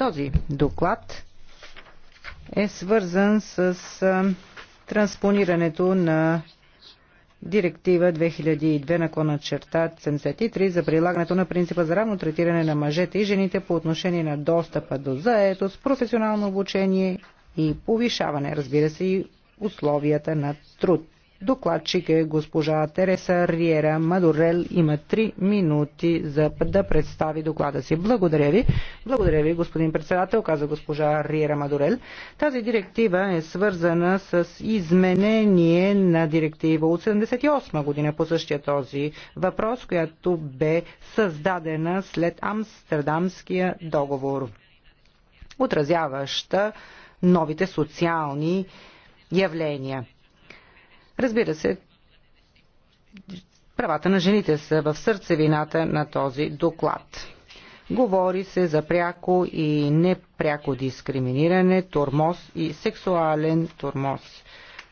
Този доклад е свързан с транспонирането на Директива 2002 наклона черта 73 за прилагането на принципа за равно третиране на мъжете и жените по отношение на достъпа до заетост, професионално обучение и повишаване, разбира се, и условията на труд. Докладчик е госпожа Тереса Риера Мадурел. Има три минути за да представи доклада си. Благодаря ви. Благодаря ви, господин председател, каза госпожа Риера Мадурел. Тази директива е свързана с изменение на директива от 78 година по същия този въпрос, която бе създадена след Амстердамския договор, отразяваща новите социални явления. Разбира се, правата на жените са в сърцевината на този доклад. Говори се за пряко и непряко дискриминиране, тормоз и сексуален тормоз.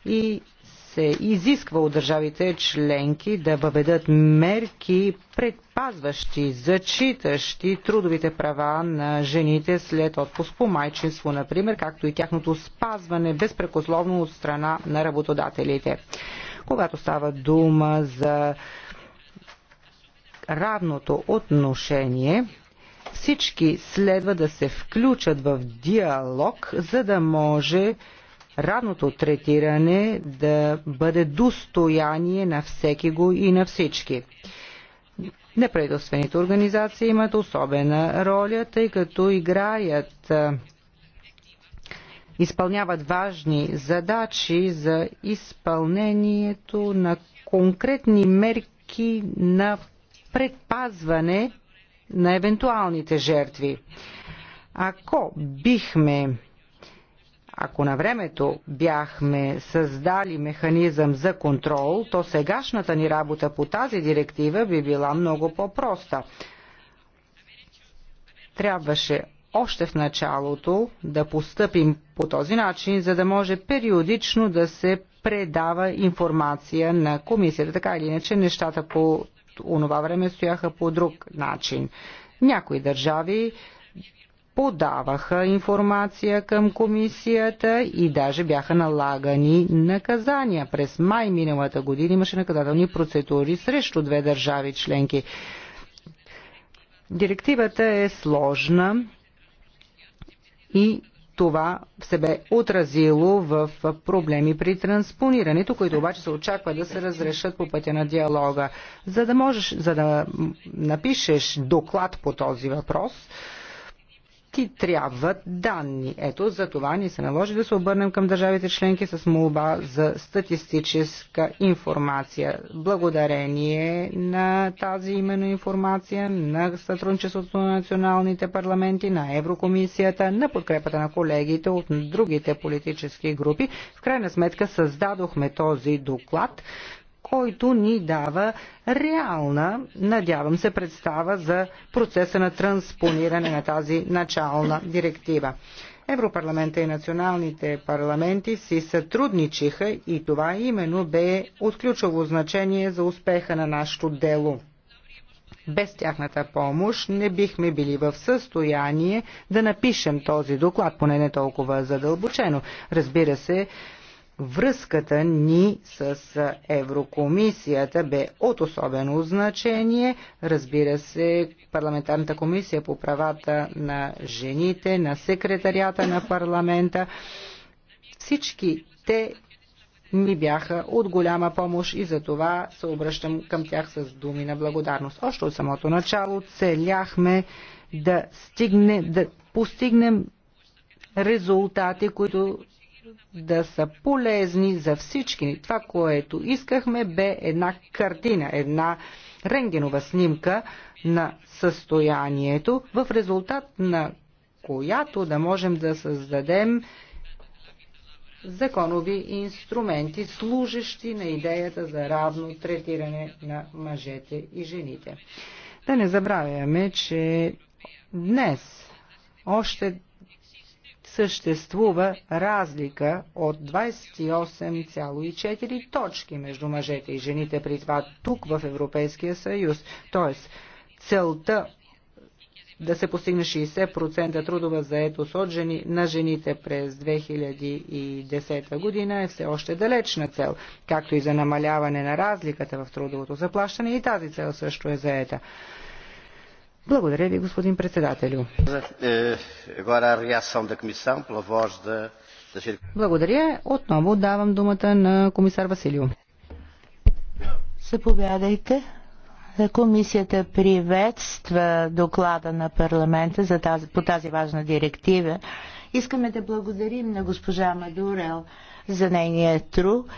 И се изисква от държавите членки да въведат мерки предпазващи, зачитащи трудовите права на жените след отпуск по майчинство, например, както и тяхното спазване безпрекословно от страна на работодателите. Когато става дума за равното отношение, всички следва да се включат в диалог, за да може равното третиране да бъде достояние на всеки го и на всички. Неправителствените организации имат особена роля, тъй като играят изпълняват важни задачи за изпълнението на конкретни мерки на предпазване на евентуалните жертви. Ако бихме ако на времето бяхме създали механизъм за контрол, то сегашната ни работа по тази директива би била много по-проста. Трябваше още в началото да постъпим по този начин, за да може периодично да се предава информация на комисията. Така или иначе, нещата по онова време стояха по друг начин. Някои държави подаваха информация към комисията и даже бяха налагани наказания. През май миналата година имаше наказателни процедури срещу две държави членки. Директивата е сложна и това се бе отразило в проблеми при транспонирането, които обаче се очаква да се разрешат по пътя на диалога. За да можеш, за да напишеш доклад по този въпрос, всички трябват данни. Ето за това ни се наложи да се обърнем към държавите членки с молба за статистическа информация. Благодарение на тази именно информация, на сътрудничеството на националните парламенти, на Еврокомисията, на подкрепата на колегите от другите политически групи, в крайна сметка създадохме този доклад, който ни дава реална, надявам се, представа за процеса на транспониране на тази начална директива. Европарламента и националните парламенти си сътрудничиха и това именно бе от ключово значение за успеха на нашето дело. Без тяхната помощ не бихме били в състояние да напишем този доклад, поне не толкова задълбочено. Разбира се, Връзката ни с Еврокомисията бе от особено значение. Разбира се, парламентарната комисия по правата на жените, на секретарията на парламента. Всички те ми бяха от голяма помощ и за това се обръщам към тях с думи на благодарност. Още от самото начало целяхме да, стигне, да постигнем резултати, които да са полезни за всички. Това, което искахме, бе една картина, една рентгенова снимка на състоянието, в резултат на която да можем да създадем законови инструменти, служещи на идеята за равно третиране на мъжете и жените. Да не забравяме, че днес още съществува разлика от 28,4 точки между мъжете и жените при това тук в Европейския съюз. Тоест, целта да се постигне 60% трудова заетост от жени, на жените през 2010 година е все още далечна цел, както и за намаляване на разликата в трудовото заплащане и тази цел също е заета. Благодаря ви, господин председателю. Е, Благодаря. Отново давам думата на комисар Василио. Съповядайте, Комисията приветства доклада на парламента за тази, по тази важна директива. Искаме да благодарим на госпожа Мадурел за нейния труд.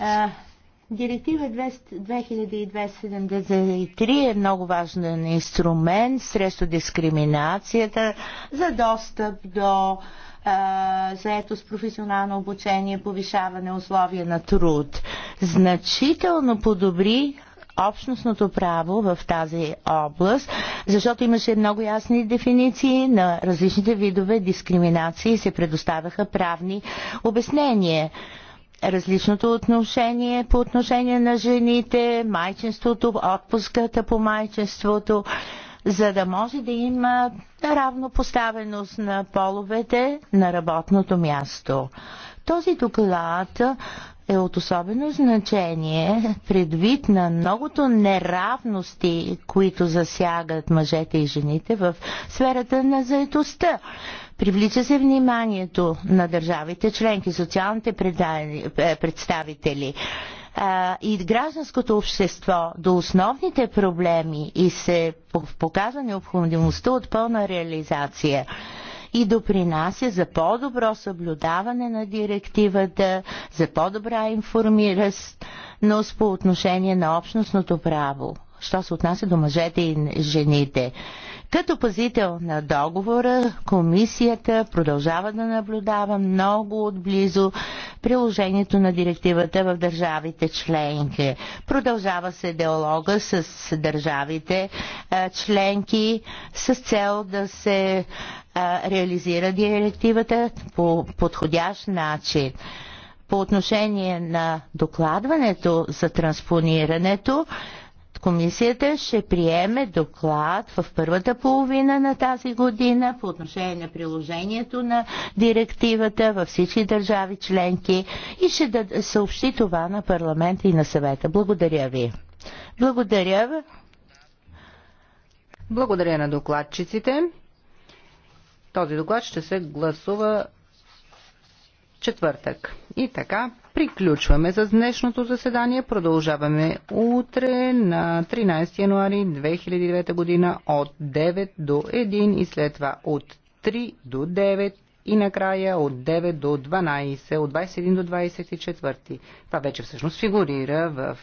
Е, Директива 2273 е много важен инструмент срещу дискриминацията за достъп до заето с професионално обучение, повишаване условия на труд. Значително подобри общностното право в тази област, защото имаше много ясни дефиниции на различните видове дискриминации и се предоставяха правни обяснения различното отношение по отношение на жените, майчинството, отпуската по майчинството, за да може да има равнопоставеност на половете на работното място. Този доклад е от особено значение предвид на многото неравности, които засягат мъжете и жените в сферата на заетостта. Привлича се вниманието на държавите членки, социалните е, представители и гражданското общество до основните проблеми и се показва необходимостта от пълна реализация и допринася за по-добро съблюдаване на директивата, за по-добра информираност по отношение на общностното право, що се отнася до мъжете и жените. Като пазител на договора, комисията продължава да наблюдава много отблизо приложението на директивата в държавите членки. Продължава се диалога с държавите членки с цел да се реализира директивата по подходящ начин по отношение на докладването за транспонирането, Комисията ще приеме доклад в първата половина на тази година по отношение на приложението на директивата във всички държави членки и ще да съобщи това на парламента и на съвета. Благодаря ви. Благодаря ви. Благодаря на докладчиците. Този доклад ще се гласува четвъртък. И така, Приключваме с днешното заседание. Продължаваме утре на 13 януари 2009 година от 9 до 1 и след това от 3 до 9 и накрая от 9 до 12, от 21 до 24. Това вече всъщност фигурира в